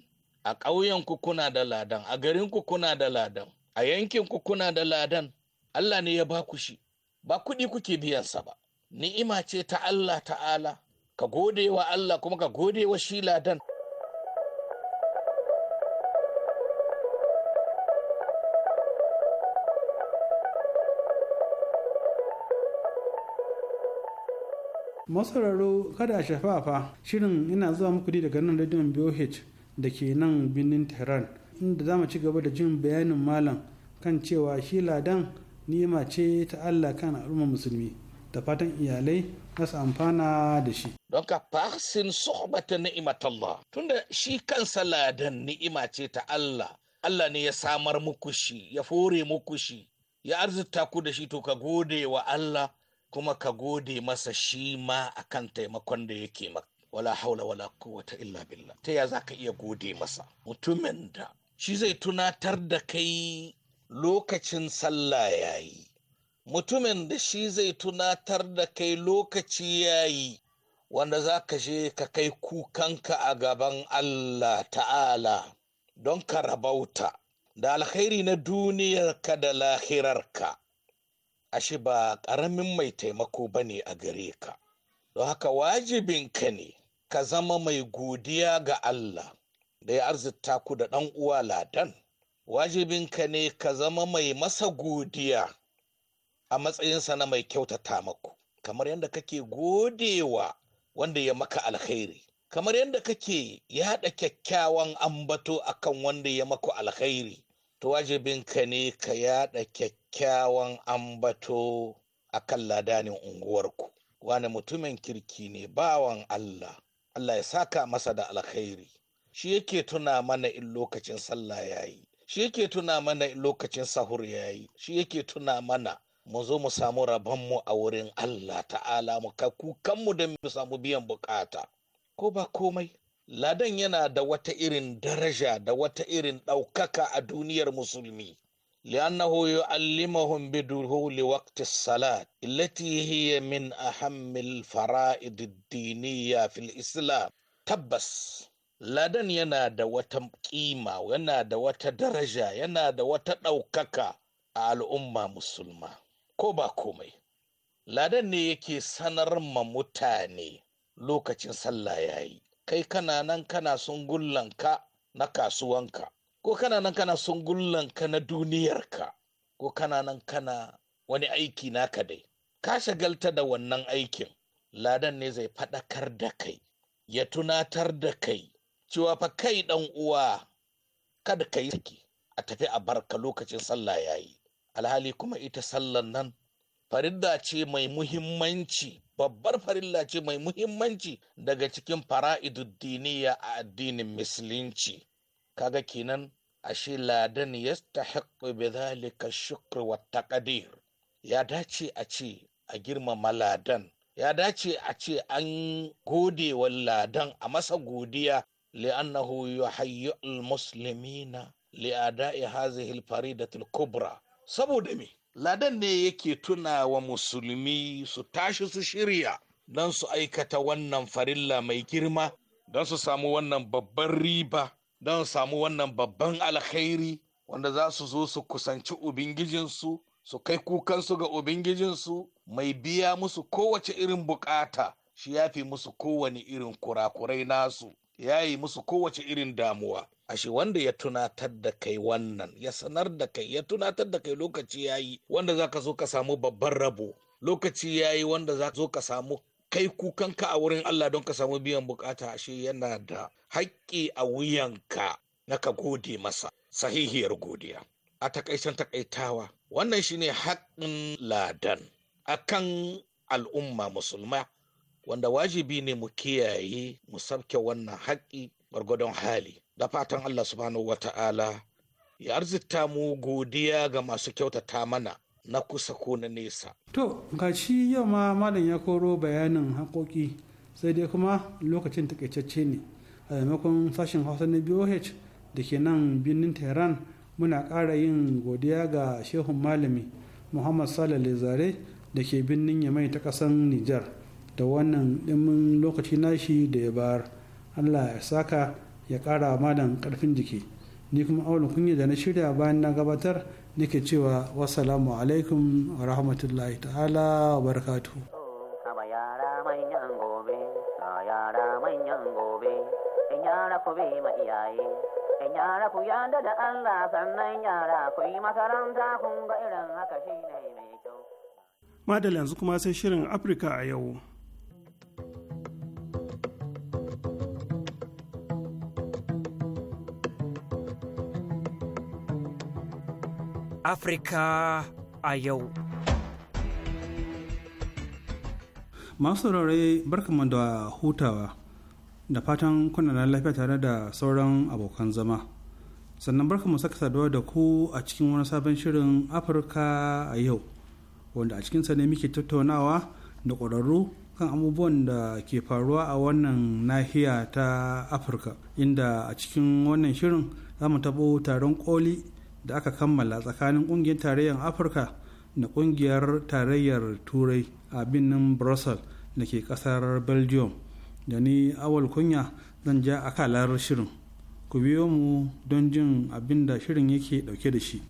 a ƙauyenku kuna da ladan a garinku kuna da ladan a yankinku kuna da ladan Allah ne ya ba ku shi ba kuɗi kuke biyansa ba ni'ima ce ta Allah ta'ala ka gode wa Allah kuma ka gode wa shi ladan masararo kada a shafafa shirin ina zuwa muku daga nan rediyon BOH da ke nan birnin Tehran inda za mu ci gaba da jin bayanin malam kan cewa shi ladan ni'ima ce ta Allah kan al'ummar musulmi da fatan iyalai kasa amfana da shi. Don ka fahsin suhbata ni'imat Allah tunda shi kansa ladan ni'ima ce ta Allah. Allah ne ya samar muku shi, ya fore muku shi, ya arzuta ku da shi to ka gode wa Allah kuma ka gode masa shi ma akan taimakon da yake maka. Wala haula wala quwwata illa billah. Ta ya za ka iya gode masa? Mutumin da shi zai tunatar da kai lokacin sallah yayi. mutumin da shi zai tunatar da kai lokaci yayi wanda za ka je ka kai kukanka a gaban Allah ta'ala don ka rabauta da alkhairi na duniyarka da lahirarka ashe ba ƙaramin mai taimako ba ne a gare ka don haka wajibinka ne ka zama mai godiya ga Allah da ya arzita ku da ɗan uwa ladan wajibinka ne ka zama mai masa godiya a matsayinsa na mai kyautata maku kamar yadda kake godewa wanda ya maka alkhairi kamar yadda kake yaɗa kyakkyawan ambato akan wanda ya maku alkhairi to wajibinka ne ka yaɗa kyakkyawan ambato a akan ladanin unguwarku wani mutumin kirki ne bawan Allah Allah ya saka masa da alkhairi shi yake tuna mana in lokacin sallah yayi shi yake tuna mana in lokacin sahur yayi shi yake tuna mana mu zo mu samu rabon mu a wurin Allah ta'ala mu ka kukanmu da mu samu biyan bukata ko ba komai ladan yana da wata irin daraja da wata irin ɗaukaka a duniyar musulmi لأنه يعلمهم بدخول وقت الصلاة التي min من أهم الفرائض الدينية fil islam. Tabbas! ladan yana da wata ƙima yana da wata daraja yana da wata ɗaukaka a al'umma musulma ko ba komai ladan ne yake sanar ma mutane lokacin sallah ya yi kai kana nan kana sun gullanka na kasuwanka ko kana nan kana sun gullanka na duniyarka ko kana nan kana wani aiki naka dai ka shagalta da wannan aikin ladan ne zai faɗakar da kai ya tunatar da kai cewa fa kai ɗan uwa kada ka yi a tafi a barka lokacin sallah ya yi alhali kuma ita sallan nan farilla ce mai muhimmanci babbar farilla ce mai muhimmanci daga cikin fara'iduddiniya a addinin musulunci kaga kenan ashe ladan ya tahaqqu bi dhalika shukri wa taqdir ya dace a ce a girmama ladan ya dace a ce an gode wa ladan a masa godiya li'annahu yuhayyi al-muslimina li'ada'i hadhihi al-faridati al-kubra saboda me ladan ne yake tuna wa musulmi su tashi su shirya don su aikata wannan farilla mai girma don su samu wannan babban riba don su samu wannan babban alkhairi wanda za su zo su kusanci ubangijinsu su kai kukansu ga ubangijinsu mai biya musu kowace irin bukata shi ya fi musu kowane irin kurakurai nasu ya yi musu kowace irin damuwa ashe wanda ya tunatar da kai wannan ya sanar da kai ya tunatar da kai lokaci ya yi wanda za ka zo ka samu babban rabo lokaci ya yi wanda za ka zo ka samu kai kukanka a wurin Allah don ka samu biyan bukata ashe yana da haƙƙi a wuyanka na ka gode masa sahihiyar godiya a takaicen takaitawa wannan shine haƙƙin ladan akan al'umma musulma wanda wajibi ne mu kiyaye mu sabke wannan haƙƙi gwargwadon hali da fatan Allah subhanahu wa ta'ala ya arzita mu godiya ga masu kyautata mana na kusa ko na nesa. To, ga shi yau ma malam ya koro bayanin haƙoƙi sai dai kuma lokacin takaitacce ne a maimakon sashen hausa na BOH da ke nan birnin Tehran muna ƙara yin godiya ga shehun malami Muhammad Salale Zare da ke birnin Yamai ta ƙasar Nijar. da wannan dimin lokaci nashi da ya bar allah ya saka ya ƙara malam karfin jiki ni kuma awalin kunya da na shirya bayan na gabatar nake cewa wasalamu alaikum wa rahmatullahi ta'ala wa barakatu yara ku bi da Allah sannan yara ku makaranta kun irin haka shine mai kyau madal yanzu kuma sai shirin Afirka a yau Afirka a yau. Masu rarrai mu da hutawa da fatan kuna lafiya tare da sauran abokan zama. Sannan barkamu saka saduwa da ku a cikin wani sabon shirin Afirka a yau, wanda a cikinsa ne muke tattaunawa da ƙwararru kan abubuwan da ke faruwa a wannan nahiya ta Afirka, inda a cikin wannan shirin za mu taɓo taron koli da aka kammala tsakanin kungiyar tarayyar afirka na kungiyar tarayyar turai a birnin brussels da ke kasar belgium da ni awal kunya zan ja akalar shirin ku biyo mu don jin abin da shirin yake dauke da shi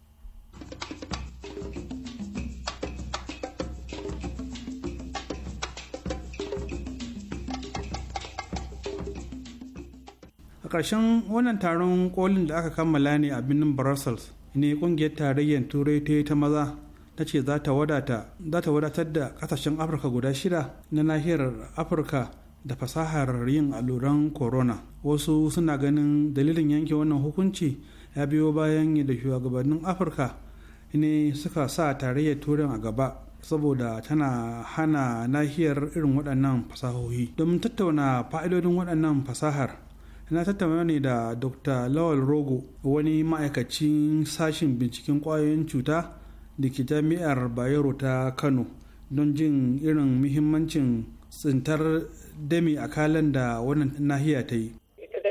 a ƙarshen wannan taron kolin da aka kammala ne a birnin brussels ne kungiyar tarayyar turai ta yi ta maza ta ce za ta wadatar da kasashen afirka guda shida na nahiyar afirka da fasahar yin alluran corona wasu suna ganin dalilin yanke wannan hukunci ya biyo bayan da shugabannin afirka ne suka sa tarayyar turai a gaba saboda tana hana nahiyar irin waɗannan fasahohi domin tattauna fa'idodin waɗannan fasahar na tattauna ne da dr lawal rogo wani ma'aikacin sashen binciken kwayoyin cuta da ke jami'ar bayero ta kano don jin irin muhimmancin tsintar dami a kalan da wannan nahiya ta yi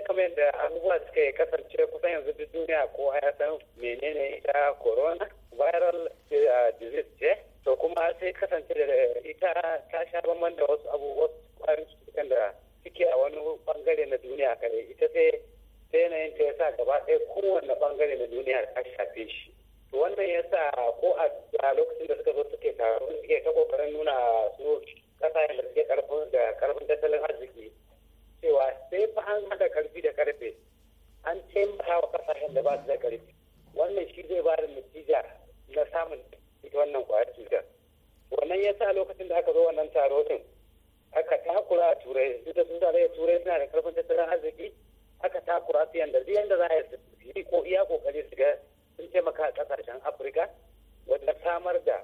kamar da abubuwa suka yi kasance kusan yanzu duk duniya ko ya san menene ita corona viral eh, disease ce to kuma sai kasance da ita ta sha bamban da wasu abubuwa kwayoyin cutukan da suke a wani bangare na duniya kare ita sai sai yanayin ta yasa gaba ɗaya kowanne bangare na duniya ta shafe shi to wannan yasa ko a lokacin da suka zo suke taro suke ta kokarin nuna su kasa da suke karfin da karfin tattalin arziki cewa sai fa an haɗa karfi da karfe an taimaka wa kasashen da ba su da karfi wannan shi zai ba da natija na samun ita wannan kwayar cutar wannan yasa lokacin da aka zo wannan taro din aka takura a turai duk da zara ya turai suna da karfin tattalin arziki aka takura su yanda zai yanda za a yi ko iya kokari su ga sun taimaka a kasashen afirka wajen samar da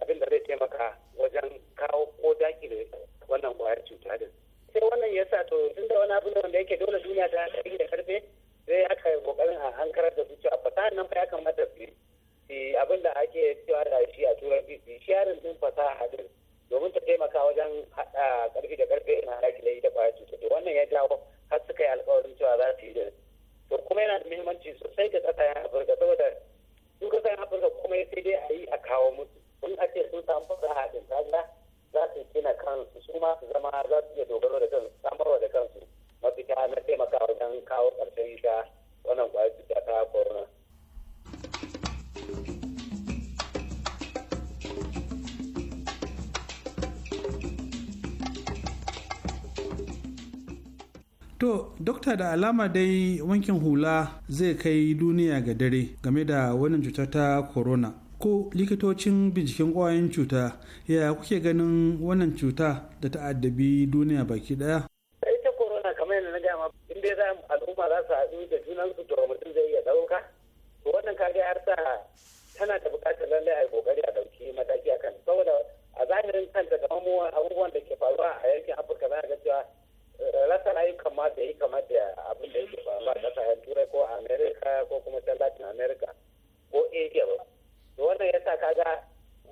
abin da zai taimaka wajen kawo ko dakile wannan kwayar cuta din sai wannan ya sa to tun da wani abin wanda yake dole duniya ta yi da karfe sai aka yi kokarin a hankarar da su cewa fasaha nan fa ya kamata su yi abin da ake cewa da shi a turanci su yi sharing din fasaha din domin ta taimaka wajen haɗa ƙarfi da ƙarfe na haɗa da ƙwayar cutar wannan ya jawo har suka yi alƙawarin cewa za su yi da to kuma yana da muhimmanci sosai ga ƙasashen afirka saboda su ƙasashen afirka kuma sai dai a yi a kawo musu in a ce sun samu fasaha haɗin za su gina kansu su ma su zama za su iya dogaro da kansu samarwa da kansu mafita na taimaka wajen kawo ƙarshen ita wannan ƙwayar cuta ta corona. To, dokta da alama dai wankin hula zai kai duniya ga dare game da wannan cutar ta corona. Ko likitocin binciken ƙwayoyin cuta, ya kuke ganin wannan cuta da ta addabi duniya baki ɗaya? Ita corona kamar yadda na gama, in dai za al'umma za su haɗu da junansu to mutum zai iya ɗauka. Wannan kage har sa tana da buƙatar lallai a ƙoƙari a ɗauki mataki akan. Saboda a zahirin kan kamar abubuwan da ke faruwa a yankin Afirka za a ga cewa rasa ayyukan ma da yi kamar da abin da yake ba ba kasashen turai ko america ko kuma can latin america ko asia ba to wannan ya sa kaga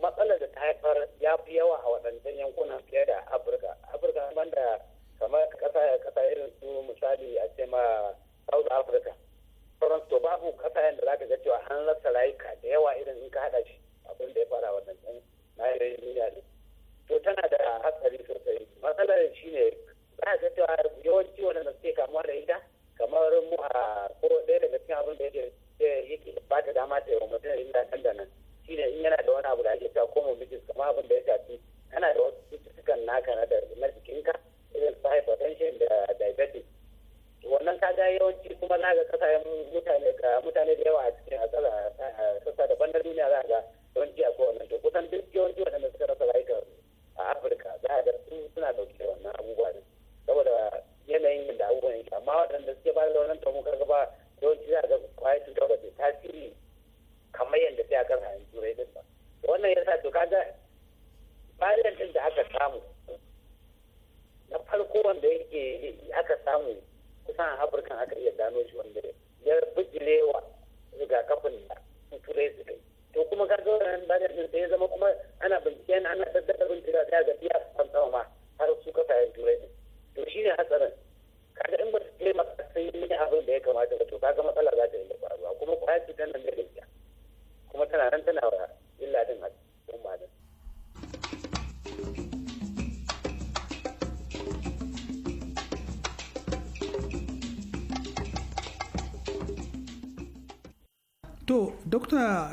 matsalar da ta haifar ya fi yawa a waɗancan yankunan fiye da afirka afirka banda kamar kasa kasa irin su misali a ce ma south africa sauran to babu kasayen da zaka ga cewa an rasa rayuka da yawa irin in ka haɗa shi abin da ya fara waɗancan na yanayin duniya ne to tana da hatsari sosai matsalar shine za a cewa yawanci na suke kamuwa da ita kamar mu a ko ɗaya daga cikin abin da yake yake ba ta dama ta yi wa mutum da kan da nan ne in yana da wani abu da ake cewa miji kamar abin da ya shafi kana da wasu cututtukan naka na na jikinka irin su hypertension da diabetes wannan ka ga yawanci kuma na ga kasa mutane mutane da yawa a cikin a sassa daban na duniya za a ga yawanci a kowanne to kusan duk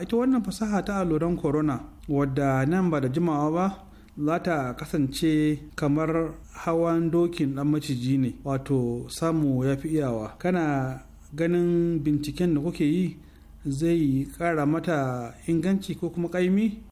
ita wannan fasaha ta alluran corona wadda nan ba da jimawa ba za ta kasance kamar hawan dokin dan maciji ne wato samu ya fi iyawa kana ganin binciken da kuke yi zai kara mata inganci ko kuma kaimi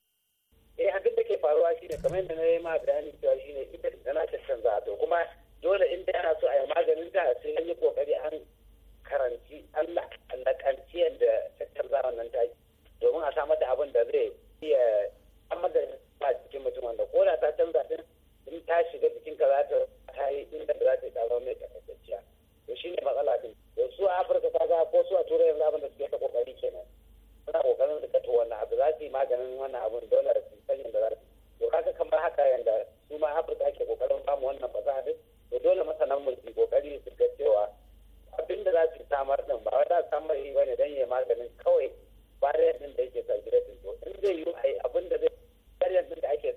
samar ɗin ba wai za a samar yi bane dan ya maganin kawai bariyar din da yake saturation to in zai yi ai abin da zai bariyar din da ake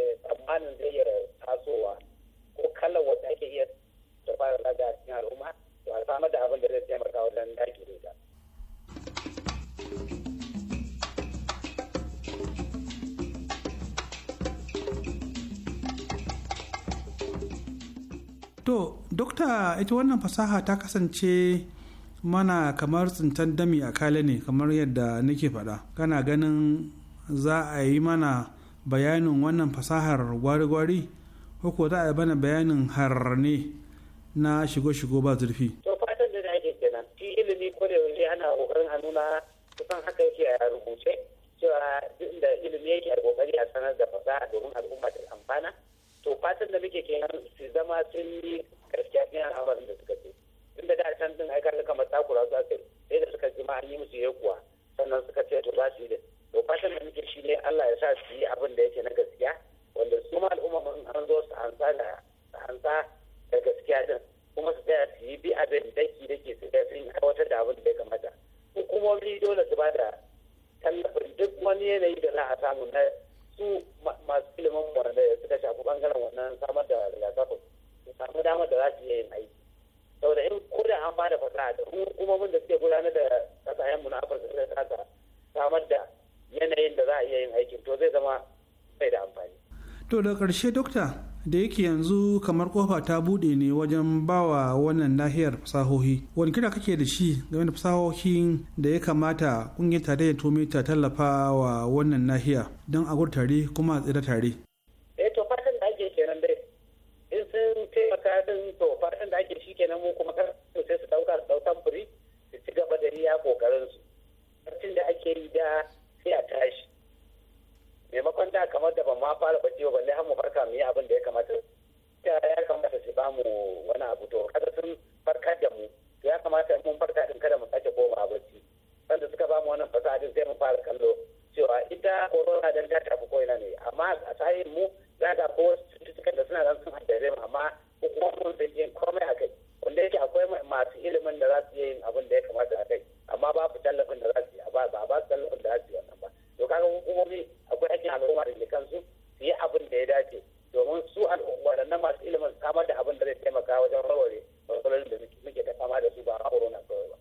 eh, tsammanin zai iya tasowa ko kalar wata ake iya da fara laga cikin al'umma to a samar da abin da zai taimaka wajen daƙi da ita. To, Dokta ita wannan fasaha ta kasance mana kamar tsintan dami a kale ne kamar yadda nake faɗa kana ganin za a yi mana bayanin wannan fasahar gwari-gwari ko za a yi mana bayanin har ne na shigo-shigo ba zurfi. to fatan da nake kenan shi ilimi ko da yaushe ana kokarin a nuna kusan haka yake a rubuce cewa duk da ilimi yake a kokari a sanar da fasaha domin al'umma ta amfana to fatan da muke kenan su zama sun yi gaskiya ne a da suka ce inda da can din aikar da kamar takura za su sai da suka jima an yi musu ya kuwa sannan suka ce to za su yi da to fashin da muke shi ne Allah ya sa su yi abin da yake na gaskiya wanda su ma al'umma mun an zo su hansa da hansa da gaskiya din kuma su tsaya su yi bi abin da ke su ga sun aiwatar da abin da ya kamata hukumomi dole su ba da tallafin duk wani yanayi da za a samu na su masu ilimin wanda suka shafi bangaren wannan samar da rigakafin su samu damar da za su iya yin aiki saboda in da an bada fasaha da hukumomin da suke gudanar da kasashen mu na afirka ta ta samar da yanayin da za a iya yin aikin to zai zama bai da amfani to da karshe dokta da yake yanzu kamar kofa ta bude ne wajen bawa wannan nahiyar fasahohi wani kira kake da shi game da fasahohin da ya kamata kungiyar tarayyar tumi ta tallafa wa wannan nahiya don a tare kuma a tsira tare kenan mu kuma kan sai su dauka su firi su ci gaba da iya kokarin su lokacin da ake yi da sai a tashi maimakon da kamar da ban ma fara bacci ba balle har mu farka mu yi abin da ya kamata ya kamata su bamu wani abu to kada sun farkar da mu to ya kamata in mun farka din kada mu sake koma bacci wanda suka bamu wannan fasaha sai mu fara kallo cewa ita corona dan ta tafi ko ina ne amma a tsayin mu za ga ko cututtukan da suna nan sun haddare mu amma mun sun yin komai a kai wanda yake akwai masu ilimin da za su yin abin da ya kamata a kai amma su tallafin da za su yi ba ba su tallafin da za su yi wannan ba to kaga hukumomi akwai aikin al'umma da ke kansu su yi abin da ya dace domin su al'umma waɗannan masu ilimin samar da abin da zai taimaka wajen rawar matsalolin da muke ta fama da su ba a corona kawai ba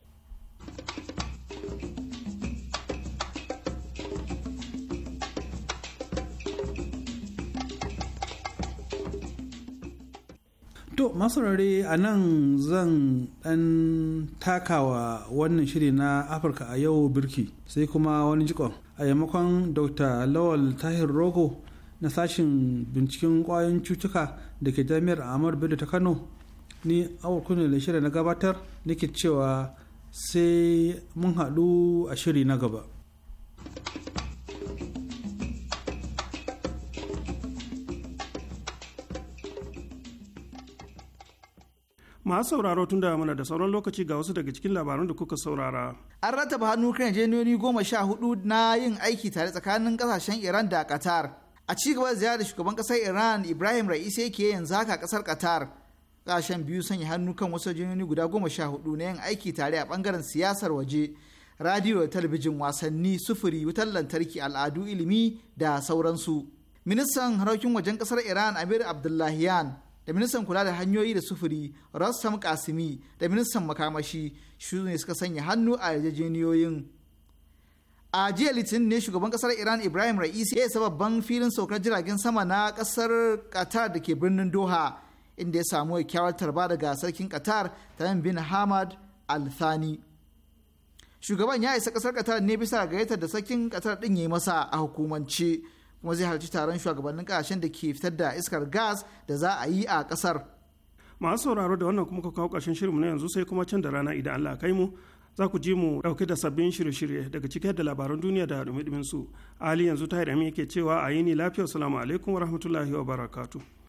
To masarare a nan zan ɗan takawa wannan shiri na Afirka a yau birki sai kuma wani jikon a yammakon Dr. Lawal Tahir Rogo na sashin binciken ƙwayoyin cutuka da ke jami'ar Amur Bello ta Kano ni awar kunin da shirya na gabatar nake cewa sai mun haɗu a shiri na gaba. masu sauraro tun da mana da sauran lokaci ga wasu daga cikin labaran da kuka saurara. An rataba hannu kan jeniyoyi goma sha hudu na yin aiki tare tsakanin kasashen Iran da Qatar. A ci gaba da ziyarar shugaban kasar Iran Ibrahim Ra'isi yake yanzu haka kasar Qatar. Kasashen biyu sanya hannu kan wasu jeniyoyi guda goma sha hudu na yin aiki tare a bangaren siyasar waje. Radiyo da talabijin wasanni sufuri wutar lantarki al'adu ilimi da sauransu. Ministan harokin wajen kasar Iran Amir Abdullahiyan da ministan kula da hanyoyi da sufuri rassam kasimi da ministan makamashi shi ne suka sanya hannu a yarjejeniyoyin a jiya litinin ne shugaban kasar iran ibrahim ra'isi ya isa babban filin saukar jiragen sama na kasar qatar da ke birnin doha inda ya samu kyakkyawar tarba daga sarkin qatar yin bin hamad al shugaban ya isa kasar qatar ne bisa gayyatar da sarkin qatar din ya yi masa a hukumance kuma zai halarci taron shugabannin kasashen da ke fitar da iskar gas da za a yi a kasar masu sauraro da wannan kuma ka kawo ƙarshen shirin na yanzu sai kuma can da rana idan Allah kai mu za ku ji mu dauke da sabbin shirye-shirye daga cike da labaran duniya da dumi su ali yanzu tahir yake cewa a yini lafiya salamu alaikum wa rahmatullahi wa barakatu.